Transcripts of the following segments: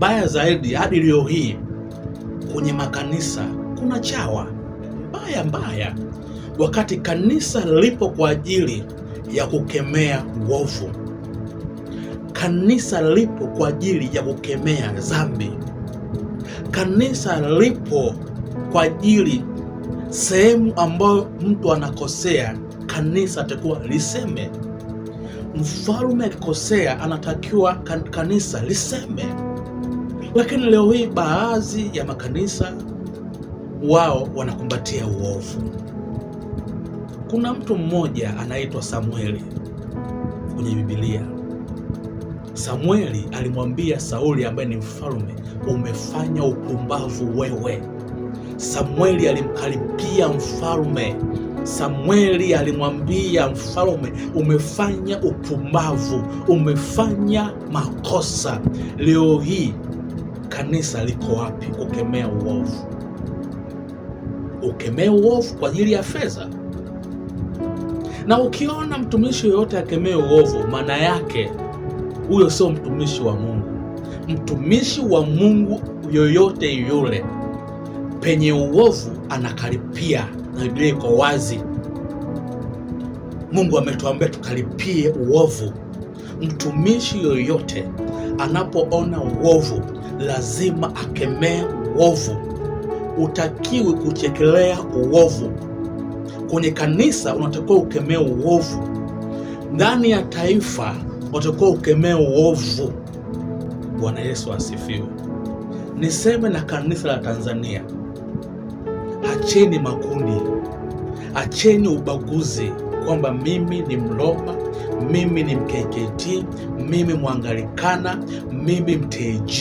mbaya zaidi, hadi leo hii kwenye makanisa kuna chawa mbaya mbaya, wakati kanisa lipo kwa ajili ya kukemea uovu. Kanisa lipo kwa ajili ya kukemea dhambi. Kanisa lipo kwa ajili sehemu ambayo mtu anakosea, kanisa atakuwa liseme. Mfalme akikosea, anatakiwa kanisa liseme. Lakini leo hii baadhi ya makanisa wao wanakumbatia uovu. Kuna mtu mmoja anaitwa Samueli kwenye Biblia. Samueli alimwambia Sauli ambaye ni mfalme, umefanya upumbavu wewe. Samueli alimkaribia mfalme. Samueli alimwambia mfalme, umefanya upumbavu, umefanya makosa. Leo hii kanisa liko wapi kukemea uovu? Ukemee uovu kwa ajili ya fedha. Na ukiona mtumishi yoyote akemee uovu, maana yake huyo sio mtumishi wa Mungu. Mtumishi wa Mungu yoyote yule, penye uovu anakaripia, na Biblia iko wazi. Mungu ametuambia tukaripie uovu. Mtumishi yoyote anapoona uovu lazima akemee uovu. Utakiwi kuchekelea uovu. Kwenye kanisa unatakiwa ukemee uovu, ndani ya taifa unatakiwa ukemee uovu. Bwana Yesu asifiwe. Niseme na kanisa la Tanzania, acheni makundi, acheni ubaguzi kwamba mimi ni Mloma, mimi ni mkkt, mimi mwangalikana, mimi mtg,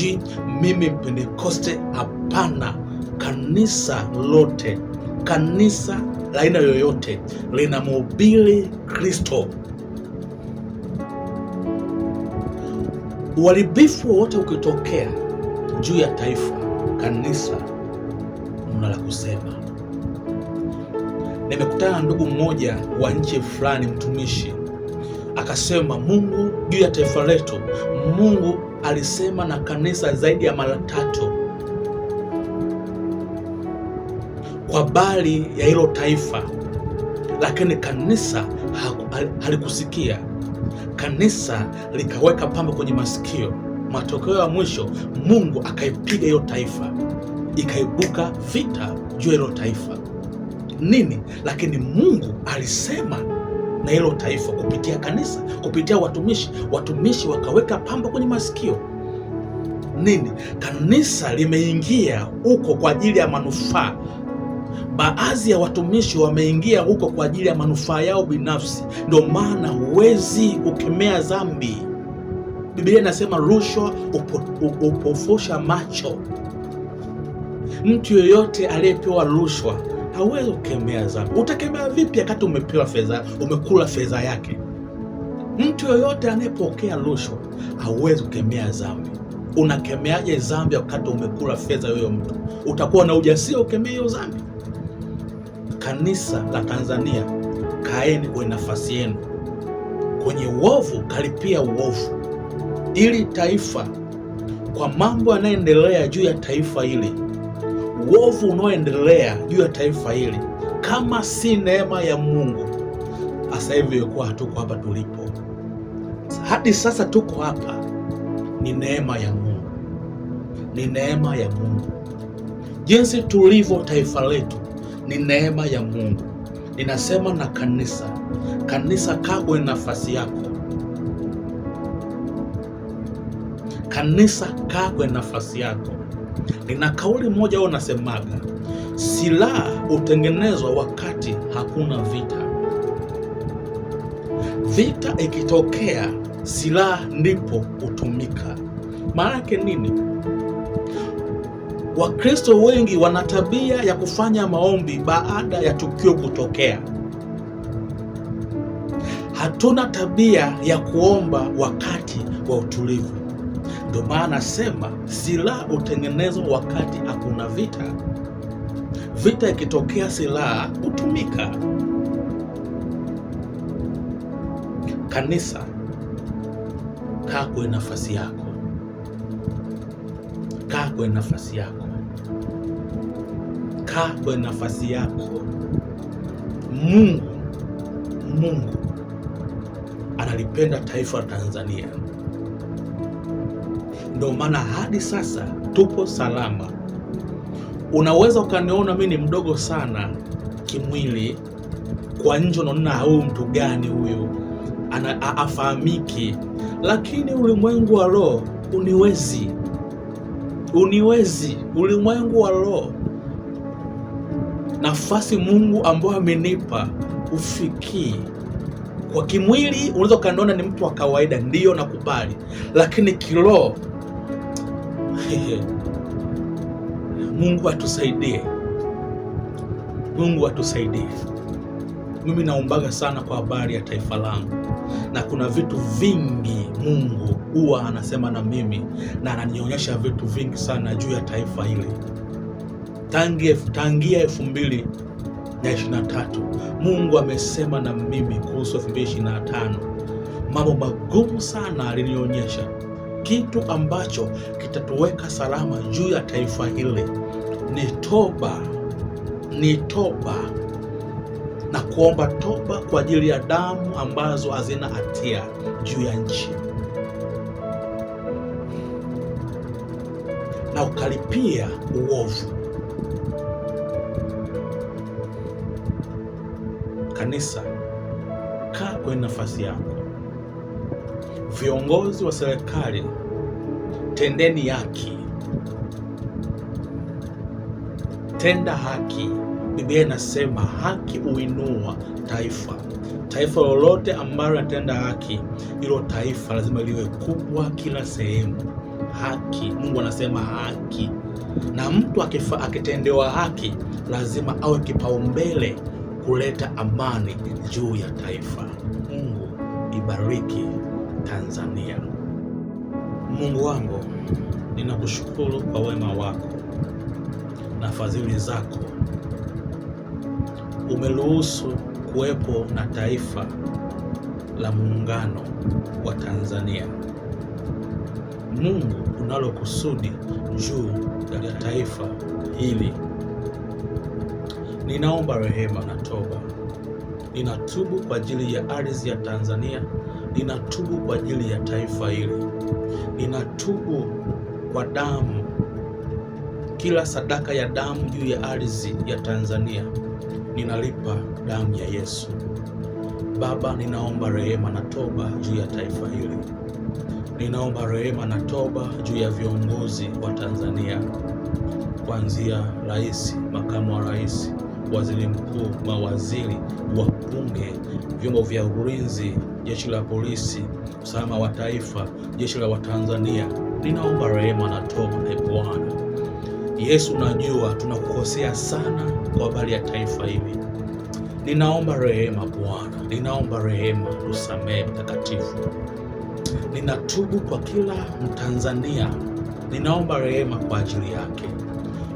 mimi mpentekoste. Hapana, kanisa lote, kanisa la aina yoyote linamhubiri Kristo. Uharibifu wowote ukitokea juu ya taifa, kanisa mna la kusema. Nimekutana na ndugu mmoja wa nchi fulani, mtumishi akasema Mungu juu ya taifa letu. Mungu alisema na kanisa zaidi ya mara tatu kwa bali ya hilo taifa, lakini kanisa halikusikia. Kanisa likaweka pamba kwenye masikio. Matokeo ya mwisho, Mungu akaipiga hiyo taifa, ikaibuka vita juu ya hilo taifa nini, lakini Mungu alisema na hilo taifa kupitia kanisa, kupitia watumishi. Watumishi wakaweka pamba kwenye masikio nini? Kanisa limeingia huko kwa ajili ya manufaa. Baadhi ya watumishi wameingia huko kwa ajili ya manufaa yao binafsi. Ndio maana huwezi kukemea dhambi. Biblia inasema rushwa upofusha macho. Mtu yoyote aliyepewa rushwa hawezi kukemea dhambi. Utakemea vipi wakati umepewa fedha, umekula fedha yake? Mtu yoyote anayepokea rushwa hawezi kukemea dhambi. Unakemeaje dhambi wakati umekula fedha yoyo mtu? Utakuwa na ujasiri ukemea hiyo dhambi? Kanisa la Tanzania, kaeni kwenye nafasi yenu. Kwenye uovu, kalipia uovu, ili taifa kwa mambo yanayoendelea juu ya taifa hili uovu unaoendelea juu ya taifa hili, kama si neema ya Mungu, sasa hivi ilikuwa hatuko hapa tulipo. Hadi sasa tuko hapa ni neema ya Mungu, ni neema ya Mungu. Jinsi tulivyo taifa letu ni neema ya Mungu. Ninasema na kanisa, kanisa, kaa kwenye nafasi yako. Kanisa, kaa kwenye nafasi yako. Nina kauli moja au nasemaga, silaha hutengenezwa wakati hakuna vita. Vita ikitokea, silaha ndipo hutumika. Maana yake nini? Wakristo wengi wana tabia ya kufanya maombi baada ya tukio kutokea. Hatuna tabia ya kuomba wakati wa utulivu. Ndio maana anasema silaha hutengenezwa wakati hakuna vita. Vita ikitokea, silaha hutumika. Kanisa, kaa kwe nafasi yako, kaa kwenye nafasi yako, kaa kwenye nafasi yako. Mungu, Mungu analipenda taifa la Tanzania. Ndio maana hadi sasa tupo salama. Unaweza ukaniona mi ni mdogo sana kimwili, kwa nje unaona huyu mtu gani huyu, afahamiki, lakini ulimwengu wa roho uniwezi, uniwezi. Ulimwengu wa roho, nafasi Mungu ambayo amenipa ufikii kwa kimwili unaweza ukaniona ni mtu wa kawaida, ndiyo nakubali, lakini kiroho yetu. Mungu atusaidie, Mungu atusaidie. Mimi naombaga sana kwa habari ya taifa langu, na kuna vitu vingi Mungu huwa anasema na mimi na ananionyesha vitu vingi sana juu ya taifa hili tangia, tangia elfu mbili na ishirini na tatu. Mungu amesema na mimi kuhusu elfu mbili ishirini na tano mambo magumu sana alinionyesha kitu ambacho kitatuweka salama juu ya taifa hili ni toba, ni toba na kuomba toba kwa ajili ya damu ambazo hazina hatia juu ya nchi, na ukalipia uovu. Kanisa, kaa kwenye nafasi yako. Viongozi wa serikali, tendeni haki, tenda haki. Biblia inasema haki huinua taifa. Taifa lolote ambalo linatenda haki, hilo taifa lazima liwe kubwa kila sehemu. Haki, Mungu anasema haki, na mtu akitendewa haki lazima awe kipaumbele kuleta amani juu ya taifa. Mungu ibariki Tanzania. Mungu wangu, ninakushukuru kwa wema wako na fadhili zako. Umeruhusu kuwepo na taifa la muungano wa Tanzania. Mungu, unalo kusudi juu ya taifa hili. Ninaomba rehema na toba ninatubu kwa ajili ya ardhi ya Tanzania, ninatubu kwa ajili ya taifa hili, ninatubu kwa damu, kila sadaka ya damu juu ya ardhi ya Tanzania ninalipa damu ya Yesu. Baba, ninaomba rehema na toba juu ya taifa hili, ninaomba rehema na toba juu ya viongozi wa Tanzania, kuanzia rais, makamu wa rais waziri mkuu, mawaziri, wabunge, vyombo vya ulinzi, jeshi la polisi, usalama wa taifa, jeshi la Watanzania, ninaomba rehema na toba. E Bwana Yesu, najua tunakukosea sana kwa habari ya taifa hili. Ninaomba rehema Bwana, ninaomba rehema, usamehe Mtakatifu. Ninatubu kwa kila Mtanzania, ninaomba rehema kwa ajili yake.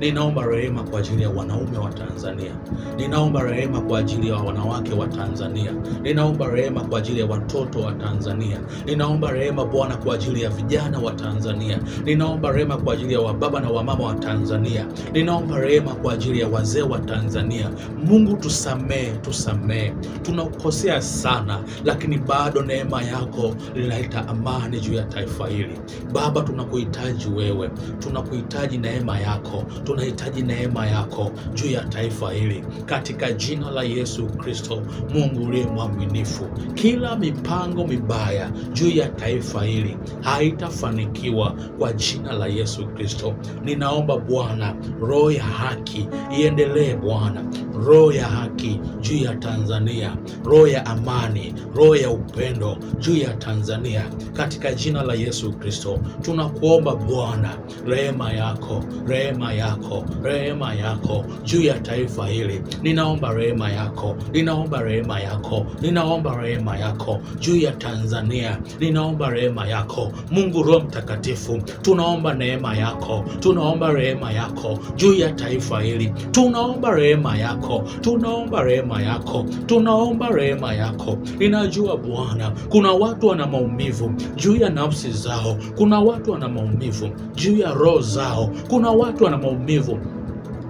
Ninaomba rehema kwa ajili ya wanaume wa Tanzania. Ninaomba rehema kwa ajili ya wanawake wa Tanzania. Ninaomba rehema kwa ajili ya watoto wa Tanzania. Ninaomba rehema Bwana kwa ajili ya vijana wa Tanzania. Ninaomba rehema kwa ajili ya wababa na wamama wa Tanzania. Ninaomba rehema kwa ajili ya wazee wa Tanzania. Mungu, tusamehe, tusamehe, tunakosea sana, lakini bado neema yako linaleta amani juu ya taifa hili. Baba, tunakuhitaji wewe, tunakuhitaji neema yako tunahitaji neema yako juu ya taifa hili katika jina la Yesu Kristo. Mungu uliye mwaminifu, kila mipango mibaya juu ya taifa hili haitafanikiwa kwa jina la Yesu Kristo. Ninaomba Bwana, roho ya haki iendelee Bwana, roho ya haki juu ya Tanzania, roho ya amani, roho ya upendo juu ya Tanzania katika jina la Yesu Kristo. Tunakuomba Bwana, rehema yako, rehema yako yako, rehema yako juu ya taifa hili. Ninaomba rehema yako, ninaomba rehema yako, ninaomba rehema yako juu ya Tanzania, ninaomba rehema yako. Mungu Roho Mtakatifu, tunaomba neema yako, tunaomba rehema yako juu ya taifa hili, tunaomba rehema yako, tunaomba rehema yako, tunaomba rehema yako. Ninajua Bwana, kuna watu wana maumivu juu ya nafsi zao, kuna watu wana maumivu juu ya roho zao, kuna watu wana maumivu maumivu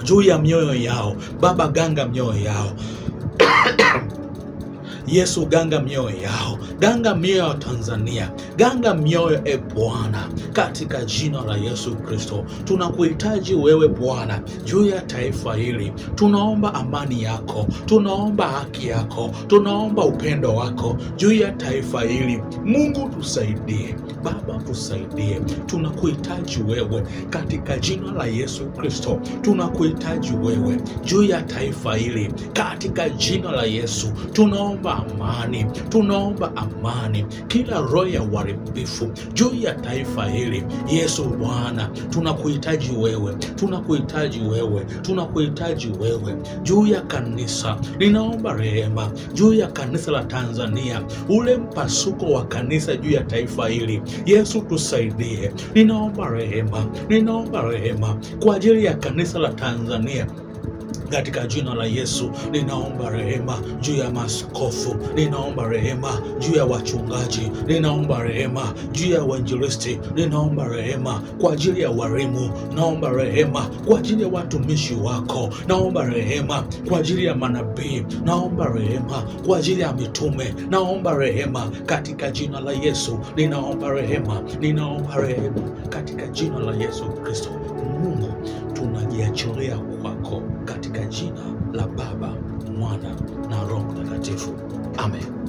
juu ya mioyo yao. Baba, ganga mioyo yao Yesu, ganga mioyo yao, ganga mioyo ya Tanzania, ganga mioyo e Bwana, katika jina la Yesu Kristo. Tunakuhitaji wewe Bwana juu ya taifa hili, tunaomba amani yako, tunaomba haki yako, tunaomba upendo wako juu ya taifa hili. Mungu tusaidie, Baba tusaidie, tunakuhitaji wewe katika jina la Yesu Kristo, tunakuhitaji wewe juu ya taifa hili katika jina la Yesu tunaomba amani, tunaomba amani, kila roho ya uharibifu juu ya taifa hili. Yesu Bwana, tunakuhitaji wewe, tunakuhitaji wewe, tunakuhitaji wewe juu ya kanisa. Ninaomba rehema juu ya kanisa la Tanzania, ule mpasuko wa kanisa juu ya taifa hili. Yesu tusaidie, ninaomba rehema, ninaomba rehema kwa ajili ya kanisa la Tanzania katika jina la Yesu ninaomba rehema juu ya maskofu, ninaomba rehema juu ya wachungaji, ninaomba rehema juu ya wainjilisti, ninaomba rehema kwa ajili ya warimu, naomba rehema kwa ajili ya watumishi wako, naomba rehema kwa ajili ya manabii, naomba rehema kwa ajili ya mitume, naomba rehema katika jina la Yesu, ninaomba rehema, ninaomba rehema katika jina la Yesu Kristo Mungu tunajiachilia kwako katika jina la Baba, Mwana na Roho Mtakatifu, amen.